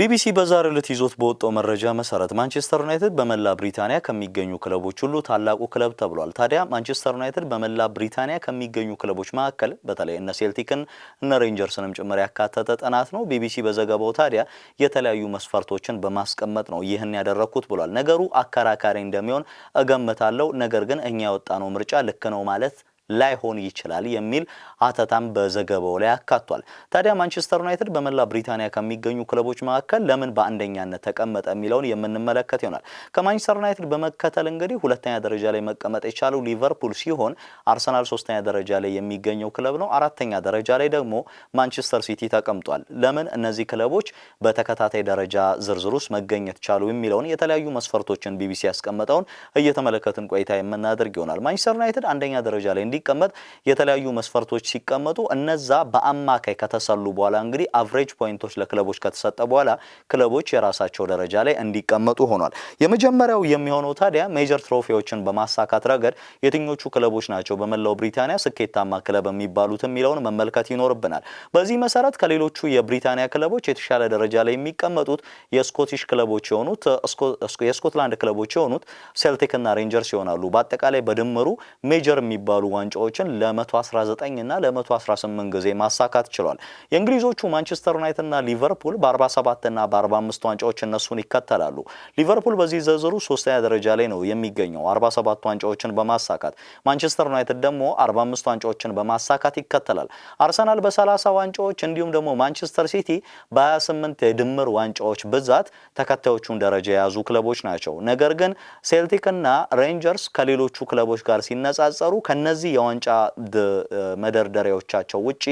ቢቢሲ በዛሬው ዕለት ይዞት በወጣው መረጃ መሰረት ማንቸስተር ዩናይትድ በመላ ብሪታንያ ከሚገኙ ክለቦች ሁሉ ታላቁ ክለብ ተብሏል። ታዲያ ማንቸስተር ዩናይትድ በመላ ብሪታንያ ከሚገኙ ክለቦች መካከል በተለይ እነ ሴልቲክን እነ ሬንጀርስንም ጭምር ያካተተ ጥናት ነው። ቢቢሲ በዘገባው ታዲያ የተለያዩ መስፈርቶችን በማስቀመጥ ነው ይህን ያደረግኩት ብሏል። ነገሩ አከራካሪ እንደሚሆን እገምታለሁ፣ ነገር ግን እኛ የወጣነው ምርጫ ልክ ነው ማለት ላይሆን ይችላል የሚል አተታም በዘገባው ላይ አካቷል። ታዲያ ማንቸስተር ዩናይትድ በመላ ብሪታንያ ከሚገኙ ክለቦች መካከል ለምን በአንደኛነት ተቀመጠ የሚለውን የምንመለከት ይሆናል። ከማንቸስተር ዩናይትድ በመከተል እንግዲህ ሁለተኛ ደረጃ ላይ መቀመጥ የቻለው ሊቨርፑል ሲሆን አርሰናል ሶስተኛ ደረጃ ላይ የሚገኘው ክለብ ነው። አራተኛ ደረጃ ላይ ደግሞ ማንቸስተር ሲቲ ተቀምጧል። ለምን እነዚህ ክለቦች በተከታታይ ደረጃ ዝርዝር ውስጥ መገኘት ቻሉ የሚለውን የተለያዩ መስፈርቶችን ቢቢሲ ያስቀመጠውን እየተመለከትን ቆይታ የምናደርግ ይሆናል። ማንቸስተር ዩናይትድ አንደኛ ደረጃ ላይ እንዲቀመጥ የተለያዩ መስፈርቶች ሲቀመጡ እነዛ በአማካይ ከተሰሉ በኋላ እንግዲህ አቨሬጅ ፖይንቶች ለክለቦች ከተሰጠ በኋላ ክለቦች የራሳቸው ደረጃ ላይ እንዲቀመጡ ሆኗል። የመጀመሪያው የሚሆነው ታዲያ ሜጀር ትሮፊዎችን በማሳካት ረገድ የትኞቹ ክለቦች ናቸው በመላው ብሪታንያ ስኬታማ ክለብ የሚባሉት የሚለውን መመልከት ይኖርብናል። በዚህ መሰረት ከሌሎቹ የብሪታንያ ክለቦች የተሻለ ደረጃ ላይ የሚቀመጡት የስኮቲሽ ክለቦች የሆኑት የስኮትላንድ ክለቦች የሆኑት ሴልቲክና ሬንጀርስ ይሆናሉ። በአጠቃላይ በድምሩ ሜጀር የሚባሉ ዋንጫዎችን ለ119 እና ለ118 ጊዜ ማሳካት ችሏል። የእንግሊዞቹ ማንቸስተር እና ሊቨርፑል በ47 እና በ45 ዋንጫዎች እነሱን ይከተላሉ። ሊቨርፑል በዚህ ዝርዝሩ ሶስተኛ ደረጃ ላይ ነው የሚገኘው 47 ዋንጫዎችን በማሳካት ማንቸስተር ዩናይትድ ደግሞ 45 ዋንጫዎችን በማሳካት ይከተላል። አርሰናል በ30 ዋንጫዎች እንዲሁም ደግሞ ማንቸስተር ሲቲ በ28 የድምር ዋንጫዎች ብዛት ተከታዮቹን ደረጃ የያዙ ክለቦች ናቸው። ነገር ግን ሴልቲክና ሬንጀርስ ከሌሎቹ ክለቦች ጋር ሲነጻጸሩ ከነዚህ የዋንጫ መደርደሪያዎቻቸው ውጪ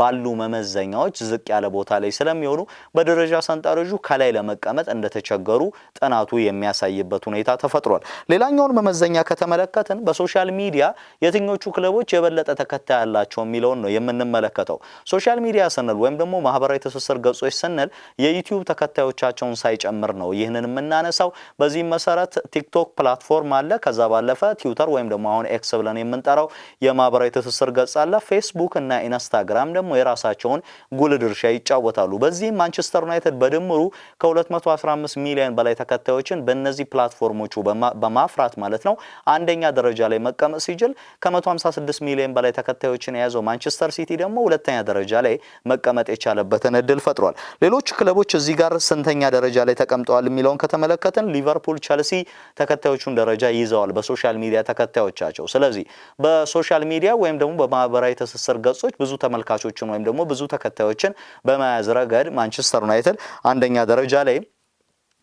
ባሉ መመዘኛዎች ዝቅ ያለ ቦታ ላይ ስለሚሆኑ በደረጃ ሰንጠረዡ ከላይ ለመቀመጥ እንደተቸገሩ ጥናቱ የሚያሳይበት ሁኔታ ተፈጥሯል። ሌላኛውን መመዘኛ ከተመለከትን በሶሻል ሚዲያ የትኞቹ ክለቦች የበለጠ ተከታይ ያላቸው የሚለውን ነው የምንመለከተው። ሶሻል ሚዲያ ስንል ወይም ደግሞ ማህበራዊ ትስስር ገጾች ስንል የዩቲዩብ ተከታዮቻቸውን ሳይጨምር ነው ይህንን የምናነሳው። በዚህም መሰረት ቲክቶክ ፕላትፎርም አለ። ከዛ ባለፈ ትዊተር ወይም ደግሞ አሁን ኤክስ ብለን የምንጠራው የማህበራዊ ትስስር ገጽ አለ። ፌስቡክ እና ኢንስታግራም ደግሞ የራሳቸውን ጉል ድርሻ ይጫወታሉ። በዚህም ማንቸስተር ዩናይትድ በድምሩ ከ215 ሚሊዮን በላይ ተከታዮችን በእነዚህ ፕላትፎርሞቹ በማፍራት ማለት ነው አንደኛ ደረጃ ላይ መቀመጥ ሲችል ከ156 ሚሊዮን በላይ ተከታዮችን የያዘው ማንቸስተር ሲቲ ደግሞ ሁለተኛ ደረጃ ላይ መቀመጥ የቻለበትን እድል ፈጥሯል። ሌሎች ክለቦች እዚህ ጋር ስንተኛ ደረጃ ላይ ተቀምጠዋል የሚለውን ከተመለከትን ሊቨርፑል፣ ቸልሲ ተከታዮቹን ደረጃ ይዘዋል በሶሻል ሚዲያ ተከታዮቻቸው። ስለዚህ በ በሶሻል ሚዲያ ወይም ደግሞ በማህበራዊ ትስስር ገጾች ብዙ ተመልካቾችን ወይም ደግሞ ብዙ ተከታዮችን በመያዝ ረገድ ማንቸስተር ዩናይትድ አንደኛ ደረጃ ላይ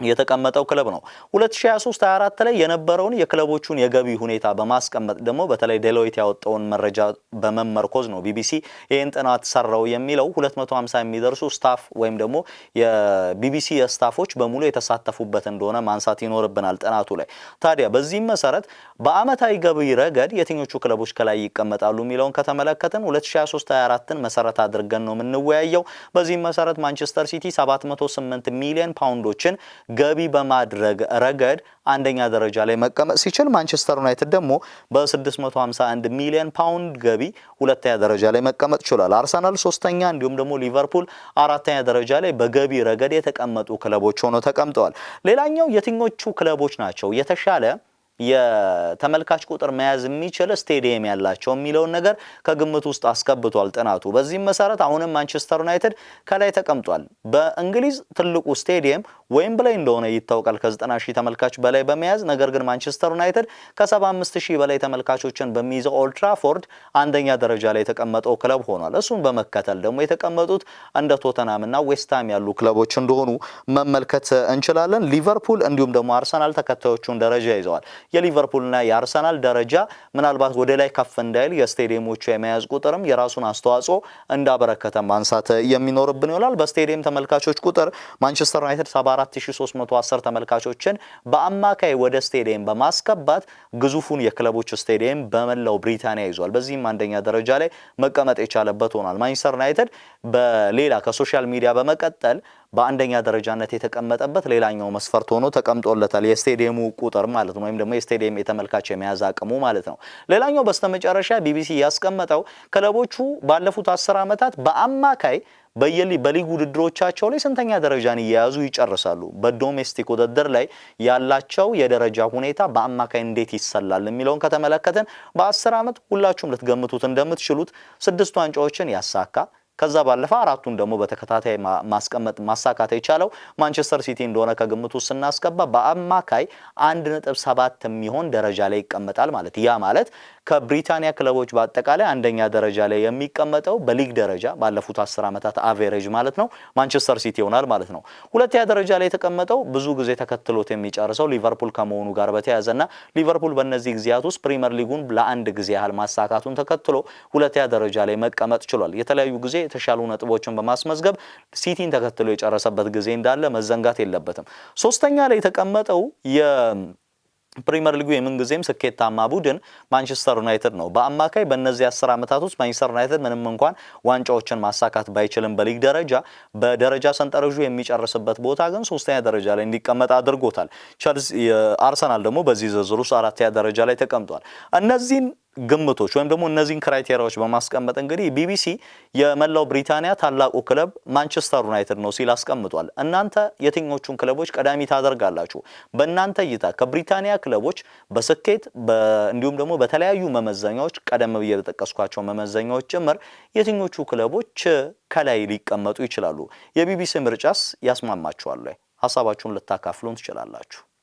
የተቀመጠው ክለብ ነው። 2023/24 ላይ የነበረውን የክለቦቹን የገቢ ሁኔታ በማስቀመጥ ደግሞ በተለይ ዴሎይት ያወጣውን መረጃ በመመርኮዝ ነው ቢቢሲ ይህን ጥናት ሰራው የሚለው 250 የሚደርሱ ስታፍ ወይም ደግሞ የቢቢሲ ስታፎች በሙሉ የተሳተፉበት እንደሆነ ማንሳት ይኖርብናል ጥናቱ ላይ። ታዲያ በዚህም መሰረት በአመታዊ ገቢ ረገድ የትኞቹ ክለቦች ከላይ ይቀመጣሉ የሚለውን ከተመለከትን 2023/24ን መሰረት አድርገን ነው የምንወያየው። በዚህም መሰረት ማንቸስተር ሲቲ 708 ሚሊዮን ፓውንዶችን ገቢ በማድረግ ረገድ አንደኛ ደረጃ ላይ መቀመጥ ሲችል ማንቸስተር ዩናይትድ ደግሞ በ651 ሚሊዮን ፓውንድ ገቢ ሁለተኛ ደረጃ ላይ መቀመጥ ችሏል። አርሰናል ሶስተኛ፣ እንዲሁም ደግሞ ሊቨርፑል አራተኛ ደረጃ ላይ በገቢ ረገድ የተቀመጡ ክለቦች ሆነው ተቀምጠዋል። ሌላኛው የትኞቹ ክለቦች ናቸው የተሻለ የተመልካች ቁጥር መያዝ የሚችል ስቴዲየም ያላቸው የሚለውን ነገር ከግምት ውስጥ አስገብቷል ጥናቱ። በዚህም መሰረት አሁንም ማንቸስተር ዩናይትድ ከላይ ተቀምጧል። በእንግሊዝ ትልቁ ስቴዲየም ዌምብላይ እንደሆነ ይታወቃል ከ90 ሺህ ተመልካች በላይ በመያዝ ነገር ግን ማንቸስተር ዩናይትድ ከ75 ሺህ በላይ ተመልካቾችን በሚይዘው ኦልትራፎርድ አንደኛ ደረጃ ላይ የተቀመጠው ክለብ ሆኗል። እሱን በመከተል ደግሞ የተቀመጡት እንደ ቶተናምና ዌስትሃም ያሉ ክለቦች እንደሆኑ መመልከት እንችላለን። ሊቨርፑል እንዲሁም ደግሞ አርሰናል ተከታዮቹን ደረጃ ይዘዋል። የሊቨርፑልና የአርሰናል ደረጃ ምናልባት ወደ ላይ ከፍ እንዳይል የስቴዲየሞቹ የመያዝ ቁጥርም የራሱን አስተዋጽኦ እንዳበረከተ ማንሳት የሚኖርብን ይሆናል። በስቴዲየም ተመልካቾች ቁጥር ማንቸስተር ዩናይትድ 74310 ተመልካቾችን በአማካይ ወደ ስቴዲየም በማስገባት ግዙፉን የክለቦች ስቴዲየም በመላው ብሪታንያ ይዟል። በዚህም አንደኛ ደረጃ ላይ መቀመጥ የቻለበት ሆኗል። ማንቸስተር ዩናይትድ በሌላ ከሶሻል ሚዲያ በመቀጠል በአንደኛ ደረጃነት የተቀመጠበት ሌላኛው መስፈርት ሆኖ ተቀምጦለታል። የስቴዲየሙ ቁጥር ማለት ነው፣ ወይም ደግሞ የስቴዲየም የተመልካች የመያዝ አቅሙ ማለት ነው። ሌላኛው በስተመጨረሻ ቢቢሲ ያስቀመጠው ክለቦቹ ባለፉት አስር ዓመታት በአማካይ በሊግ ውድድሮቻቸው ላይ ስንተኛ ደረጃን እየያዙ ይጨርሳሉ፣ በዶሜስቲክ ውድድር ላይ ያላቸው የደረጃ ሁኔታ በአማካይ እንዴት ይሰላል የሚለውን ከተመለከትን በአስር ዓመት ሁላችሁም ልትገምቱት እንደምትችሉት ስድስት ዋንጫዎችን ያሳካ ከዛ ባለፈ አራቱን ደግሞ በተከታታይ ማስቀመጥ ማሳካት የቻለው ማንቸስተር ሲቲ እንደሆነ ከግምት ውስጥ ስናስገባ በአማካይ አንድ ነጥብ ሰባት የሚሆን ደረጃ ላይ ይቀመጣል ማለት ያ ማለት ከብሪታንያ ክለቦች በአጠቃላይ አንደኛ ደረጃ ላይ የሚቀመጠው በሊግ ደረጃ ባለፉት አስር ዓመታት አቬሬጅ ማለት ነው ማንቸስተር ሲቲ ይሆናል ማለት ነው። ሁለተኛ ደረጃ ላይ የተቀመጠው ብዙ ጊዜ ተከትሎት የሚጨርሰው ሊቨርፑል ከመሆኑ ጋር በተያያዘና ሊቨርፑል በእነዚህ ጊዜያት ውስጥ ፕሪምየር ሊጉን ለአንድ ጊዜ ያህል ማሳካቱን ተከትሎ ሁለተኛ ደረጃ ላይ መቀመጥ ችሏል። የተለያዩ ጊዜ የተሻሉ ነጥቦችን በማስመዝገብ ሲቲን ተከትሎ የጨረሰበት ጊዜ እንዳለ መዘንጋት የለበትም። ሶስተኛ ላይ የተቀመጠው የ ፕሪምየር ሊጉ የምንጊዜም ስኬታማ ቡድን ማንቸስተር ዩናይትድ ነው። በአማካይ በእነዚህ አስር ዓመታት ውስጥ ማንቸስተር ዩናይትድ ምንም እንኳን ዋንጫዎችን ማሳካት ባይችልም በሊግ ደረጃ በደረጃ ሰንጠረዡ የሚጨርስበት ቦታ ግን ሶስተኛ ደረጃ ላይ እንዲቀመጥ አድርጎታል። ቸልሲ፣ አርሰናል ደግሞ በዚህ ዝርዝር ውስጥ አራተኛ ደረጃ ላይ ተቀምጧል። እነዚህን ግምቶች ወይም ደግሞ እነዚህን ክራይቴሪያዎች በማስቀመጥ እንግዲህ ቢቢሲ የመላው ብሪታንያ ታላቁ ክለብ ማንቸስተር ዩናይትድ ነው ሲል አስቀምጧል። እናንተ የትኞቹን ክለቦች ቀዳሚ ታደርጋላችሁ? በእናንተ እይታ ከብሪታንያ ክለቦች በስኬት እንዲሁም ደግሞ በተለያዩ መመዘኛዎች ቀደም ብዬ የተጠቀስኳቸው መመዘኛዎች ጭምር የትኞቹ ክለቦች ከላይ ሊቀመጡ ይችላሉ? የቢቢሲ ምርጫስ ያስማማችኋል? ሀሳባችሁን ልታካፍሉን ትችላላችሁ።